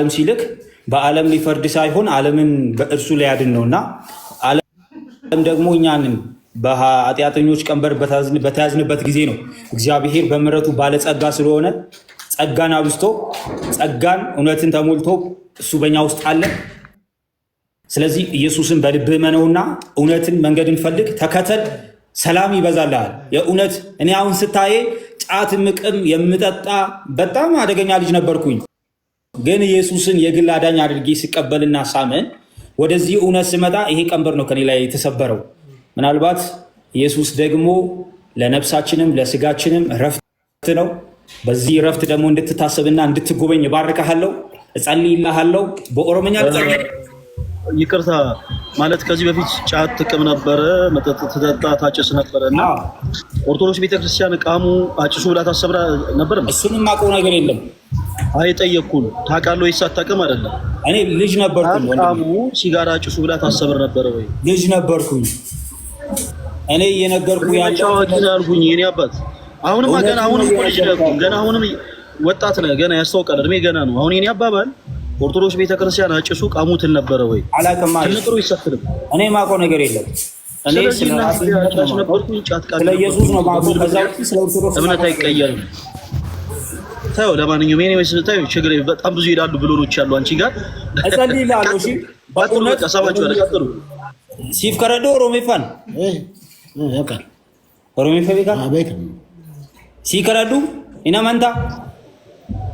ዓለም ሲልክ በዓለም ሊፈርድ ሳይሆን ዓለምን በእርሱ ሊያድን ነውና ዓለም ደግሞ እኛንን በኃጢአተኞች ቀንበር በተያዝንበት ጊዜ ነው። እግዚአብሔር በምሕረቱ ባለጸጋ ስለሆነ ጸጋን አብዝቶ ጸጋን እውነትን ተሞልቶ እሱ በኛ ውስጥ አለ። ስለዚህ ኢየሱስን በልብህ መነውና እውነትን መንገድን ፈልግ ተከተል፣ ሰላም ይበዛልሃል። የእውነት እኔ አሁን ስታዬ ጫት ምቅም የምጠጣ በጣም አደገኛ ልጅ ነበርኩኝ። ግን ኢየሱስን የግል አዳኝ አድርጌ ሲቀበልና ሳምን ወደዚህ እውነት ስመጣ ይሄ ቀንበር ነው ከኔ ላይ የተሰበረው። ምናልባት ኢየሱስ ደግሞ ለነፍሳችንም ለስጋችንም ረፍት ነው። በዚህ ረፍት ደግሞ እንድትታሰብና እንድትጎበኝ እባርካሃለሁ፣ እጸልይልሃለሁ። በኦሮምኛ ይቅርታ ማለት ከዚህ በፊት ጫት ጥቅም ነበረ፣ መጠጥ ትጠጣ ታጭስ ነበረ እና ኦርቶዶክስ ቤተክርስቲያን እቃሙ አጭሱ ብላ ታሰብራ ነበር። እሱንም አውቀው ነገር የለም አይጠየቅኩም ታውቃለህ ወይስ አታውቅም? አይደለም እኔ ልጅ ነበርኩኝ። ወንድሙ ሲጋራ ጭሱ ብላ ታሰብር ነበር ወይ? ልጅ ነበርኩኝ እኔ እየነገርኩ እየነገርኩህ አልኩኝ። የእኔ አባት። አሁንም ገና አሁንም ልጅ ነበርኩኝ። ገና አሁንም ወጣት ነህ። ገና ያስታውቃል፣ እድሜ ገና ነው። አሁን የእኔ አባባል ኦርቶዶክስ ቤተክርስቲያን አጭሱ ቀሙትን ነበረ ወይ? አላውቅም። ትንቅሩ ይሰፍልም እኔ ማውቀው ነገር የለም። እኔ ስለ ኢየሱስ ነው ማውቀው። ከዛ ስለ ኦርቶዶክስ እምነት አይቀየርም። ታየው። ለማንኛውም የኔ ወይስ ታየው ችግር በጣም ብዙ ይሄዳሉ ብሎኖች አሉ አንቺ ጋር እጸልይልሃለሁ። እሺ በእውነት ሰባችሁ አለ ቀጥሉ። ሲፍ ከረዶ ኦሮሜፋን ያውቃል። ኦሮሜፋ ቤካ አቤት ሲከረዱ ኢና መንታ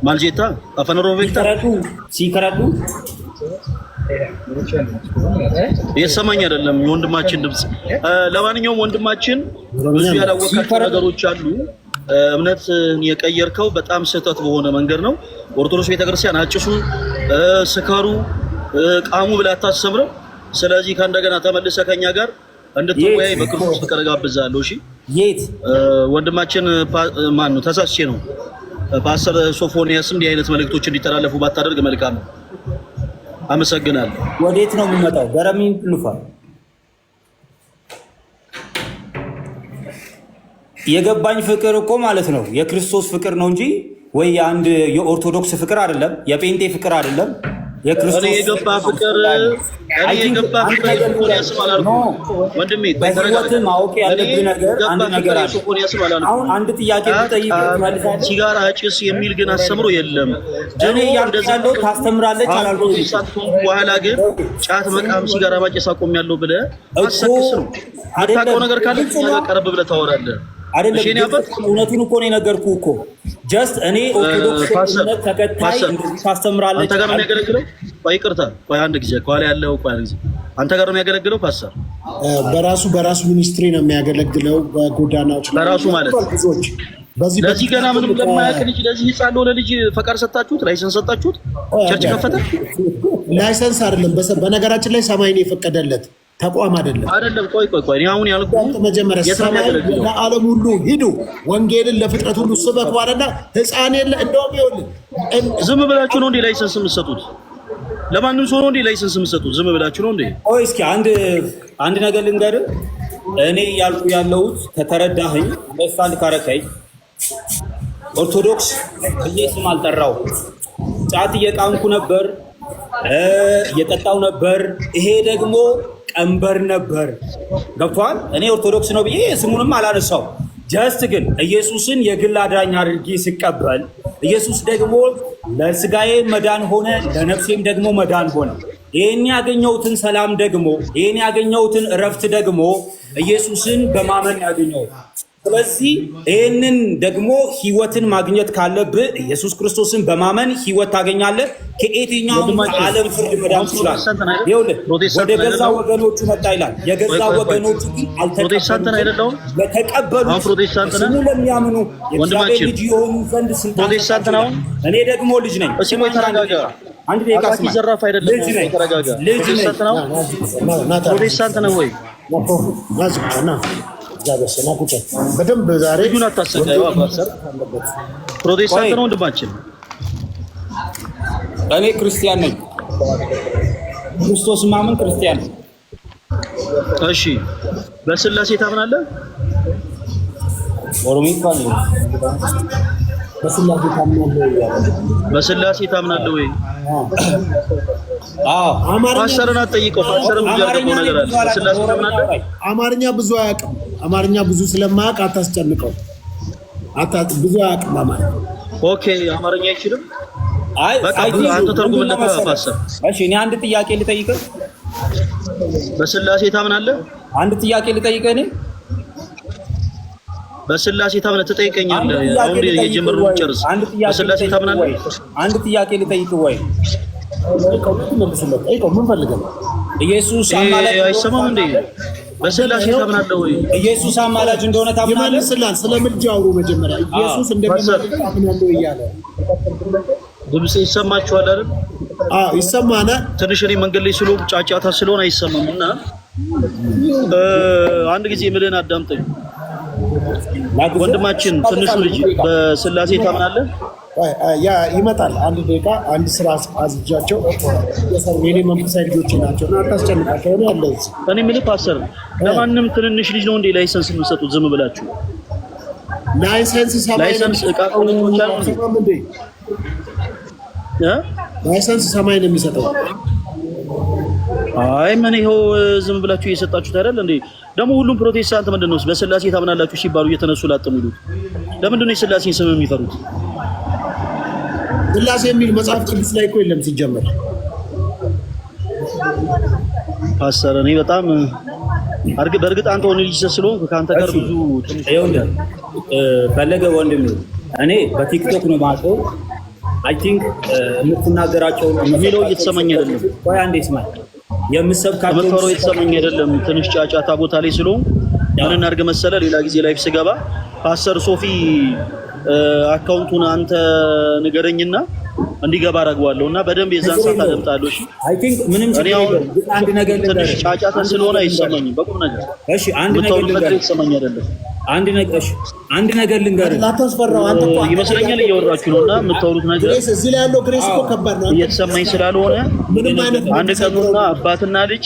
ማልጄታ አፈን ኦሮሜፋ ከረዱ ሲከረዱ የሰማኝ አይደለም የወንድማችን ድምፅ። ለማንኛውም ወንድማችን ብዙ ያላወቃቸው ነገሮች አሉ እምነት የቀየርከው በጣም ስህተት በሆነ መንገድ ነው። ኦርቶዶክስ ቤተክርስቲያን አጭሱ፣ ስከሩ፣ ቃሙ ብላ አታሰምርም። ስለዚህ ከእንደገና ተመልሰ ከኛ ጋር እንድትወያይ በክርስቶስ ፍቅር ጋብዛለሁ። እሺ የት ወንድማችን ማን ነው? ተሳስቼ ነው። ፓስተር ሶፎንያስ እንዲህ አይነት መልእክቶች እንዲተላለፉ ባታደርግ መልካም ነው። አመሰግናለሁ። ወዴት ነው የምመጣው? ገረሚ ልፋል የገባኝ ፍቅር እኮ ማለት ነው የክርስቶስ ፍቅር ነው እንጂ ወይ የአንድ የኦርቶዶክስ ፍቅር አይደለም፣ የጴንጤ ፍቅር አይደለም። ማወቅ ያለብህ ነገር አንድ ነገር አሁን አንድ ጥያቄ ብጠይቅ ሲጋራ ጭስ የሚል ግን አስተምሮ የለም። እኔ እያልኩ ታስተምራለች በኋላ ግን ጫት መቃም ሲጋራ ማጨስ አቆሚያለሁ ብለህ አሰክስ ነው። ነገር ካለ ቀረብ ብለህ ታወራለህ አይደለም እውነቱን እኮ ነው የነገርኩህ እኮ ጀስት እኔ ኦርቶዶክስ ተከታይ ታስተምራለች። አንተ ጋር ነው የሚያገለግለው? ቆይ ይቅርታ፣ ቆይ አንድ ጊዜ ከኋላ ያለው ቆይ አንድ ጊዜ አንተ ጋር የሚያገለግለው? ፓስተር በራሱ በራሱ ሚኒስትሪ ነው የሚያገለግለው በጎዳናዎች በራሱ ማለት ለዚህ ገና ምንም ለማያውቅ ልጅ ለዚህ ህፃን ለሆነ ልጅ ፈቃድ ሰጣችሁት? ላይሰንስ ሰጣችሁት? ቸርች ከፈተ? ላይሰንስ አይደለም። በነገራችን ላይ ሰማይ ነው የፈቀደለት ተቋም አይደለም አይደለም። ቆይ ቆይ ቆይ አሁን ያልኩት መጀመሪያ ሰማይ ለዓለም ሁሉ ሂዱ ወንጌልን ለፍጥረት ሁሉ ስበክ ባለና ህፃን የለ እንደውም ይኸውልህ ዝም ብላችሁ ነው እንዴ ላይሰንስ የምትሰጡት? ለማንም ሰው ነው እንዴ ላይሰንስ የምትሰጡት? ዝም ብላችሁ ነው እንዴ? ቆይ እስኪ አንድ አንድ ነገር ልንገርህ። እኔ ያልኩ ያለሁት ከተረዳኸኝ፣ አንደርስታንድ ካረከኝ፣ ኦርቶዶክስ ኢየሱስም አልጠራው ጫት እየቃምኩ ነበር፣ እየጠጣው ነበር። ይሄ ደግሞ ቀንበር ነበር። ገብቷል። እኔ ኦርቶዶክስ ነው ብዬ ስሙንም አላነሳው። ጀስት ግን ኢየሱስን የግል አዳኝ አድርጌ ስቀበል ኢየሱስ ደግሞ ለስጋዬ መዳን ሆነ፣ ለነፍሴም ደግሞ መዳን ሆነ። ይህን ያገኘሁትን ሰላም ደግሞ ይህን ያገኘሁትን እረፍት ደግሞ ኢየሱስን በማመን ያገኘው ስለዚህ ይህንን ደግሞ ህይወትን ማግኘት ካለብህ ኢየሱስ ክርስቶስን በማመን ህይወት ታገኛለህ። ከየትኛውም ከዓለም ፍርድ መዳን ትችላለህ። ወደ ገዛ ወገኖቹ መጣ ይላል። የገዛ ወገኖቹ ግን አልተቀበሉ። ለተቀበሉ ስሙ ለሚያምኑ የእግዚአብሔር ልጅ የሆኑ ዘንድ ስልጣን እኔ ደግሞ ልጅ ነኝ። አንድ ደቂቃ ስማ። ዘራፍ አይደለም። ልጅ ነኝ። ፕሮቴስታንት ነው ወይ? በደንብ ዛሬ ዱን ፕሮቴስታንት ነው ወንድማችን። እኔ ክርስቲያን ነኝ፣ ክርስቶስ ማምን ክርስቲያን እሺ በስላሴ ታምናለህ? ኦሮሚካ ነው። በስላሴ ታምናለህ ወይ? በስላሴ ታምናለህ ወይ? አዎ። አማርኛ ፓስተርን አትጠይቀው። ብዙ ነገር አለ። በስላሴ ታምናለህ? አማርኛ ብዙ አያውቅም። አማርኛ ብዙ ስለማያውቅ አታስጨንቀው። ብዙ አያውቅም አማርኛ። እኔ አንድ ጥያቄ ልጠይቅህ። በስላሴ ታምናለህ? አንድ ጥያቄ ልጠይቅህ። እኔ በስላሴ ታምነህ ትጠይቀኛለህ። አሁን ጨርስ። በስላሴ ታምናለህ? አንድ ጥያቄ ልጠይቅህ ወይ ኢየሱስ አይሰማም እንዴ? በስላሴ ታምናለህ ወይ? ኢየሱስ አማላጅ እንደሆነ ታምናለህ? ይመልስልሃል። ስለምልጃ አውሩ መጀመሪያ። ኢየሱስ እንደሚመልስ ታምናለህ እያለ ድምፅ ይሰማችኋል አይደል? አዎ ይሰማናል። ትንሽ እኔ መንገድ ላይ ስለሆንኩ ጫጫታ ስለሆነ አይሰማም። እና አንድ ጊዜ የምልህን አዳምጠኝ ወንድማችን። ትንሹ ልጅ በስላሴ ታምናለህ? ያ ይመጣል። አንድ ደቂቃ አንድ ስራ አዝጃቸው የኔ መንፈሳዊ ልጆች ናቸው። አታስጨንቃቸው። ያለ እኔ የምልህ ፓስተር፣ ለማንም ትንንሽ ልጅ ነው እንዴ ላይሰንስ የምሰጡት? ዝም ብላችሁ ላይሰንስ ላይሰንስ ላይሰንስ ሰማይ ነው የሚሰጠው። አይ ምን ይኸው ዝም ብላችሁ እየሰጣችሁት አይደል እንዴ? ደግሞ ሁሉም ፕሮቴስታንት ምንድን ነው በስላሴ ታምናላችሁ ሲባሉ እየተነሱ ላጥሙሉት የሚሉት ለምንድን ነው የስላሴን ስም የሚፈሩት? ስላሴ የሚል መጽሐፍ ቅዱስ ላይ እኮ የለም ሲጀመር። ፓስተር እኔ በጣም በእርግጥ በርግጥ አንተ ወንድ ልጅ ስለሆንክ ከአንተ ጋር ብዙ ፈለገ ወንድም እኔ በቲክቶክ ነው ማውቀው። አይ ቲንክ የምትናገራቸው የሚለው እየተሰማኝ አይደለም። ቆይ አንዴ ስማኝ፣ የምትሰብካቸው የምትፈረው እየተሰማኝ አይደለም። ትንሽ ጫጫታ ቦታ ላይ ስለሆንኩ ምን እናድርግ መሰለህ፣ ሌላ ጊዜ ላይፍ ስገባ ፓስተር ሶፊ አካውንቱን አንተ ንገረኝና እንዲገባ አደርገዋለሁ እና በደንብ የዛን ሰዓት አደምጣለሁ። አንድ ነገር ትንሽ ጫጫታ ስለሆነ አይሰማኝም። በቁም ነገር አንድ ነገር ምታወሩበት ይሰማኝ አይደለም። አንድ ነገር አንድ ነገር ልንገርህ ይመስለኛል እያወራችሁ ነው እና የምታወሩት ነገር እዚህ ላይ ያለው ግሬስ እኮ ከባድ ነው እየተሰማኝ ስላልሆነ አንድ ቀኑና አባትና ልጅ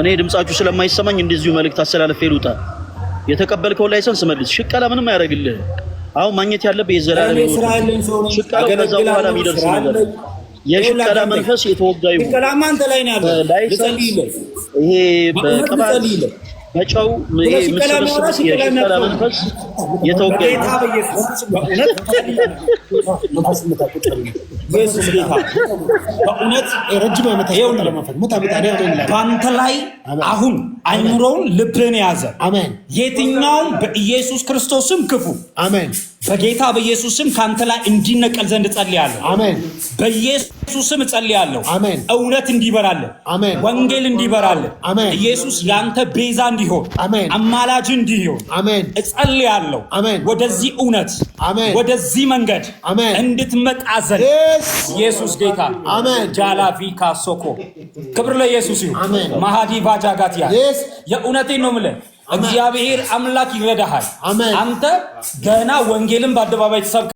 እኔ ድምጻችሁ ስለማይሰማኝ እንደዚሁ መልእክት አስተላልፌ ልውጣ። የተቀበልከው ላይሰንስ መልስ። ሽቀላ ምንም አያደርግልህ። አሁን ማግኘት ያለብህ የዘላለም ሽቀላ ከዛ በኋላ የሚደርስ ነገር የሽቀላ መንፈስ የተወጋ ይሁን። ይሄ በቅባት በጨው መንፈስ የተወገ በእውነት በአንተ ላይ አሁን አይምሮውን ልብን ያዘ። አሜን። የትኛውም በኢየሱስ ክርስቶስም ክፉ አሜን፣ በጌታ በኢየሱስም ካንተ ላይ እንዲነቀል ዘንድ እጸልያለሁ። አሜን። በኢየሱስም እጸልያለሁ። አሜን። እውነት እንዲበራለን። አሜን። ወንጌል እንዲበራለን። አሜን። ኢየሱስ ያንተ ቤዛ እንዲሆን፣ አሜን። አማላጅ እንዲሆን፣ አሜን። እጸልያለሁ። አሜን። ወደዚህ እውነት፣ አሜን። ወደዚህ መንገድ፣ አሜን። እንድትመጣ ዘንድ ኢየሱስ ጌታ። አሜን። ጃላፊ ካሶኮ ክብር ለኢየሱስ ይሁን። አሜን። ማሃዲ ባጃጋቲያ ኬስ የእውነቴን ነው የምልህ እግዚአብሔር አምላክ ይረዳሃል። አንተ ገና ወንጌልን በአደባባይ ተሰብክ